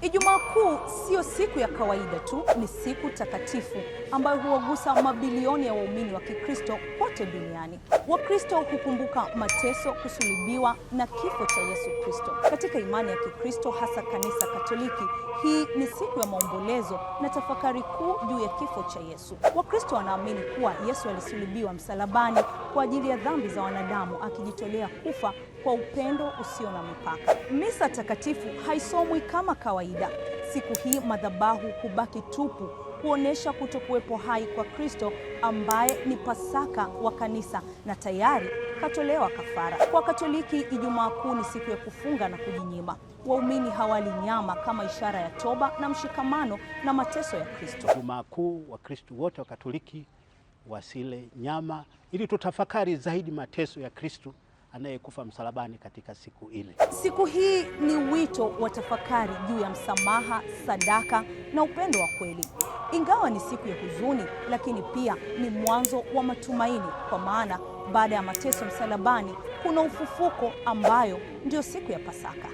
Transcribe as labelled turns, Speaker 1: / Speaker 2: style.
Speaker 1: 이게 뭐 Kuu siyo siku ya kawaida tu, ni siku takatifu ambayo huwagusa mabilioni ya waumini wa Kikristo kote duniani. Wakristo hukumbuka mateso, kusulubiwa na kifo cha Yesu Kristo. Katika imani ya Kikristo, hasa kanisa Katoliki, hii ni siku ya maombolezo na tafakari kuu juu ya kifo cha Yesu. Wakristo wanaamini kuwa Yesu alisulubiwa msalabani kwa ajili ya dhambi za wanadamu, akijitolea kufa kwa upendo usio na mipaka. Misa takatifu haisomwi kama kawaida Siku hii madhabahu hubaki tupu kuonesha kutokuwepo hai kwa Kristo ambaye ni Pasaka wa kanisa na tayari katolewa kafara. Kwa Katoliki, Ijumaa Kuu ni siku ya kufunga na kujinyima. Waumini hawali nyama kama ishara ya toba na mshikamano na mateso ya Kristo.
Speaker 2: Ijumaa Kuu, Wakristo wote wa Katoliki wasile nyama ili tutafakari zaidi mateso ya Kristo anayekufa msalabani katika siku ile.
Speaker 1: Siku hii ni wito wa tafakari juu ya msamaha, sadaka na upendo wa kweli. Ingawa ni siku ya huzuni, lakini pia ni mwanzo wa matumaini, kwa maana baada ya mateso msalabani kuna ufufuko, ambayo ndio siku ya Pasaka.